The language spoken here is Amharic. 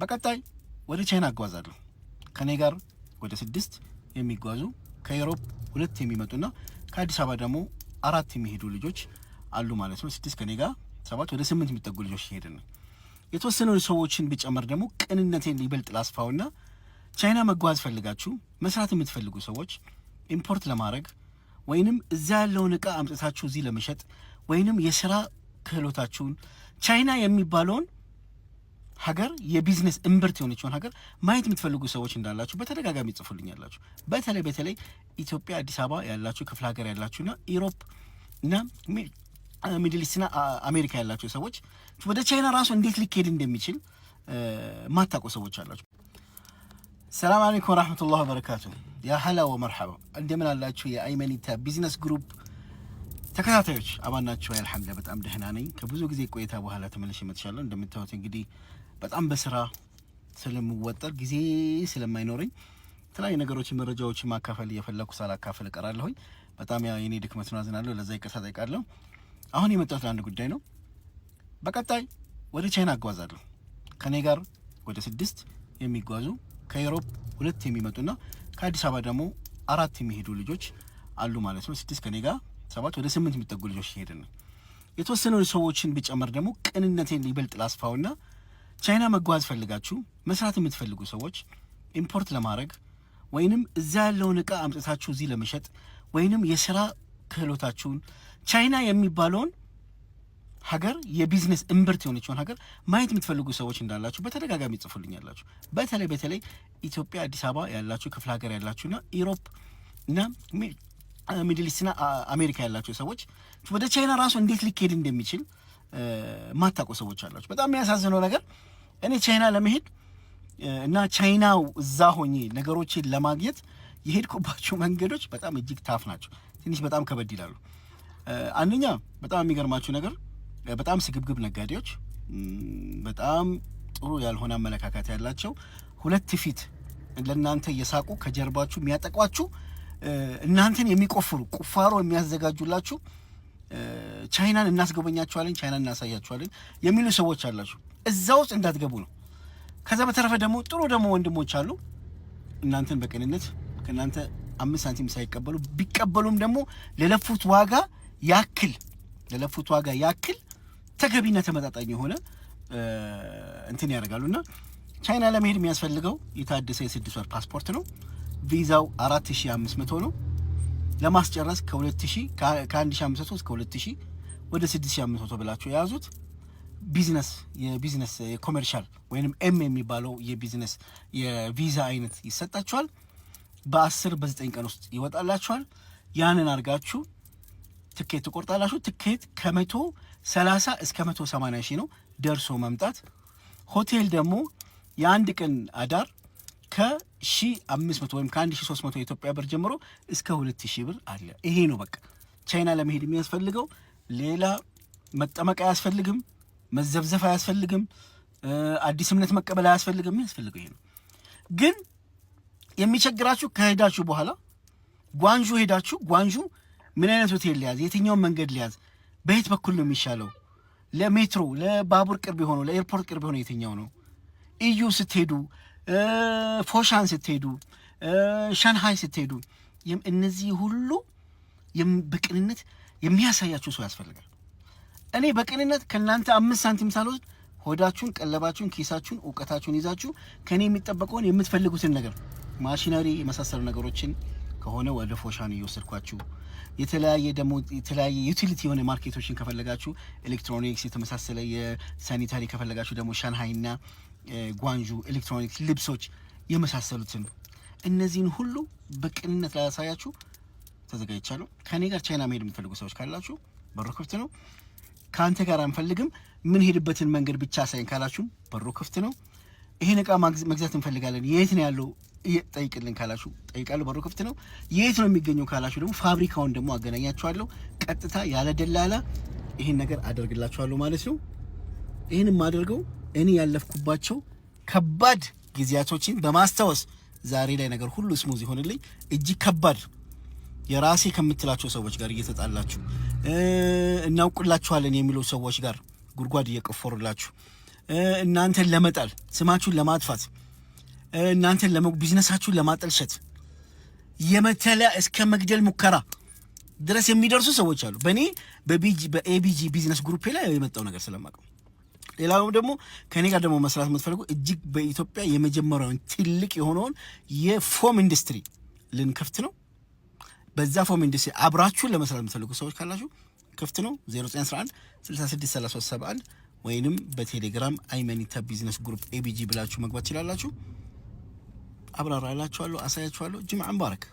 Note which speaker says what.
Speaker 1: በቀጣይ ወደ ቻይና አጓዛለሁ። ከኔ ጋር ወደ ስድስት የሚጓዙ ከዩሮፕ ሁለት የሚመጡና ከአዲስ አበባ ደግሞ አራት የሚሄዱ ልጆች አሉ ማለት ነው። ስድስት ከኔ ጋር ሰባት ወደ ስምንት የሚጠጉ ልጆች ይሄድን ነው። የተወሰኑ ሰዎችን ብጨመር ደግሞ ቅንነቴን ይበልጥ ላስፋውና ቻይና መጓዝ ፈልጋችሁ መስራት የምትፈልጉ ሰዎች ኢምፖርት ለማድረግ ወይንም እዛ ያለውን እቃ አምጥታችሁ እዚህ ለመሸጥ ወይንም የስራ ክህሎታችሁን ቻይና የሚባለውን ሀገር የቢዝነስ እምብርት የሆነችውን ሀገር ማየት የምትፈልጉ ሰዎች እንዳላችሁ በተደጋጋሚ ያላችሁ በተለይ በተለይ ኢትዮጵያ አዲስ አበባ ያላችሁ ክፍለ ሀገር ያላችሁና ኢሮፕ እና ሚድል ኢስትና አሜሪካ ያላቸው ሰዎች ወደ ቻይና ራሱ እንዴት ሊካሄድ እንደሚችል ማታውቁ ሰዎች አላችሁ። ሰላም አለይኩም ወራህመቱላህ ወበረካቱ። የሀላ ወመርሐባ እንደምን አላችሁ? የአይመኒታ ቢዝነስ ግሩፕ ተከታታዮች አባናችሁ። አልሐምዱሊላህ በጣም ደህና ነኝ። ከብዙ ጊዜ ቆይታ በኋላ ተመልሼ መጥቻለሁ። እንደምታዩት እንግዲህ በጣም በስራ ስለምወጠር ጊዜ ስለማይኖረኝ የተለያዩ ነገሮች መረጃዎች ማካፈል እየፈለኩ ሳላካፈል እቀራለሁኝ። በጣም ያ የኔ ድክመት ነው፣ አዝናለሁ። ለዛ ይቅርታ ጠይቃለሁ። አሁን የመጣሁት ለአንድ ጉዳይ ነው። በቀጣይ ወደ ቻይና አጓዛለሁ። ከኔ ጋር ወደ ስድስት የሚጓዙ ከዩሮፕ ሁለት የሚመጡና ከአዲስ አበባ ደግሞ አራት የሚሄዱ ልጆች አሉ ማለት ነው። ስድስት ከኔ ጋር ሰባት ወደ ስምንት የሚጠጉ ልጆች ይሄድን ነው የተወሰኑ ሰዎችን ብጨመር ደግሞ ቅንነቴን ይበልጥ ላስፋውና ቻይና መጓዝ ፈልጋችሁ መስራት የምትፈልጉ ሰዎች ኢምፖርት ለማድረግ ወይንም እዛ ያለውን እቃ አምጥታችሁ እዚህ ለመሸጥ ወይንም የስራ ክህሎታችሁን ቻይና የሚባለውን ሀገር የቢዝነስ እምብርት የሆነችውን ሀገር ማየት የምትፈልጉ ሰዎች እንዳላችሁ በተደጋጋሚ ጽፉልኛላችሁ። በተለይ በተለይ ኢትዮጵያ፣ አዲስ አበባ ያላችሁ ክፍለ ሀገር ያላችሁና ኢሮፕ እና ሚድል ኢስትና አሜሪካ ያላችሁ ሰዎች ወደ ቻይና ራሱ እንዴት ሊካሄድ እንደሚችል ማታውቁ ሰዎች አላችሁ። በጣም የሚያሳዝነው ነገር እኔ ቻይና ለመሄድ እና ቻይናው እዛ ሆኜ ነገሮችን ለማግኘት የሄድኩባቸው መንገዶች በጣም እጅግ ታፍ ናቸው። ትንሽ በጣም ከበድ ይላሉ። አንደኛ በጣም የሚገርማችሁ ነገር በጣም ስግብግብ ነጋዴዎች፣ በጣም ጥሩ ያልሆነ አመለካከት ያላቸው ሁለት ፊት ለእናንተ እየሳቁ ከጀርባችሁ የሚያጠቋችሁ እናንተን የሚቆፍሩ ቁፋሮ የሚያዘጋጁላችሁ ቻይናን እናስጎበኛችኋለን፣ ቻይናን እናሳያችኋለን የሚሉ ሰዎች አላችሁ። እዛ ውስጥ እንዳትገቡ ነው። ከዛ በተረፈ ደግሞ ጥሩ ደግሞ ወንድሞች አሉ እናንተን በቅንነት ከእናንተ አምስት ሳንቲም ሳይቀበሉ ቢቀበሉም ደግሞ ለለፉት ዋጋ ያክል ለለፉት ዋጋ ያክል ተገቢና ተመጣጣኝ የሆነ እንትን ያደርጋሉ እና ቻይና ለመሄድ የሚያስፈልገው የታደሰ የስድስት ወር ፓስፖርት ነው። ቪዛው አራት ሺህ አምስት መቶ ነው። ለማስጨረስ ከ1500 እስከ 2000 ወደ 6500 ብላችሁ የያዙት ቢዝነስ የቢዝነስ የኮሜርሻል ወይም ኤም የሚባለው የቢዝነስ የቪዛ አይነት ይሰጣችኋል። በ10 በ9 ቀን ውስጥ ይወጣላችኋል። ያንን አድርጋችሁ ትኬት ትቆርጣላችሁ። ትኬት ከመቶ 130 እስከ 180 ሺህ ነው ደርሶ መምጣት። ሆቴል ደግሞ የአንድ ቀን አዳር ከ1500 ወይም ከ1300 የኢትዮጵያ ብር ጀምሮ እስከ 2000 ብር አለ። ይሄ ነው በቃ ቻይና ለመሄድ የሚያስፈልገው። ሌላ መጠመቅ አያስፈልግም፣ መዘብዘፍ አያስፈልግም፣ አዲስ እምነት መቀበል አያስፈልግም። የሚያስፈልገው ይሄ ነው። ግን የሚቸግራችሁ ከሄዳችሁ በኋላ ጓንዡ ሄዳችሁ ጓንዡ ምን አይነት ሆቴል ሊያዝ፣ የትኛውን መንገድ ሊያዝ፣ በየት በኩል ነው የሚሻለው፣ ለሜትሮ ለባቡር ቅርብ የሆነው ለኤርፖርት ቅርብ የሆነው የትኛው ነው እዩ ስትሄዱ ፎሻን ስትሄዱ፣ ሻንሃይ ስትሄዱ እነዚህ ሁሉ በቅንነት የሚያሳያችሁ ሰው ያስፈልጋል። እኔ በቅንነት ከእናንተ አምስት ሳንቲም ሳልወስድ ሆዳችሁን፣ ቀለባችሁን፣ ኪሳችሁን፣ እውቀታችሁን ይዛችሁ ከእኔ የሚጠበቀውን የምትፈልጉትን ነገር ማሽነሪ የመሳሰሉ ነገሮችን ከሆነ ወደ ፎሻን እየወሰድኳችሁ የተለያየ ደግሞ የተለያየ ዩቲሊቲ የሆነ ማርኬቶችን ከፈለጋችሁ ኤሌክትሮኒክስ የተመሳሰለ የሳኒታሪ ከፈለጋችሁ ደግሞ ሻንሃይና ጓንዡ ኤሌክትሮኒክስ፣ ልብሶች የመሳሰሉትን እነዚህን ሁሉ በቅንነት ላያሳያችሁ ተዘጋጅቻለሁ። ከኔ ጋር ቻይና መሄድ የምትፈልጉ ሰዎች ካላችሁ በሩ ክፍት ነው። ከአንተ ጋር አንፈልግም ምን ሄድበትን መንገድ ብቻ አሳይን ካላችሁ በሩ ክፍት ነው። ይሄን እቃ መግዛት እንፈልጋለን የት ነው ያለው ጠይቅልን ካላችሁ ጠይቃለሁ፣ በሩ ክፍት ነው። የት ነው የሚገኘው ካላችሁ ደግሞ ፋብሪካውን ደግሞ አገናኛችኋለሁ። ቀጥታ ያለ ደላላ ይህን ነገር አደርግላችኋለሁ ማለት ነው። ይህን የማደርገው እኔ ያለፍኩባቸው ከባድ ጊዜያቶችን በማስታወስ ዛሬ ላይ ነገር ሁሉ ስሙዝ ይሆንልኝ። እጅግ ከባድ የራሴ ከምትላቸው ሰዎች ጋር እየተጣላችሁ እናውቁላችኋለን የሚለ ሰዎች ጋር ጉድጓድ እየቆፈሩላችሁ እናንተን ለመጣል ስማችሁን ለማጥፋት እናንተን ቢዝነሳችሁን ለማጠልሸት የመተለያ እስከ መግደል ሙከራ ድረስ የሚደርሱ ሰዎች አሉ። በእኔ በኤቢጂ ቢዝነስ ግሩፔ ላይ የመጣው ነገር ስለማቀው ሌላውም ደግሞ ከኔ ጋር ደግሞ መስራት የምትፈልጉ እጅግ በኢትዮጵያ የመጀመሪያውን ትልቅ የሆነውን የፎም ኢንዱስትሪ ልንከፍት ነው። በዛ ፎም ኢንዱስትሪ አብራችሁን ለመስራት የምትፈልጉ ሰዎች ካላችሁ ክፍት ነው 0911 663171 ወይንም በቴሌግራም አይመኒታ ቢዝነስ ግሩፕ ኤቢጂ ብላችሁ መግባት ትችላላችሁ። አብራራላችኋለሁ፣ አሳያችኋለሁ። ጅምዓ ሙባረክ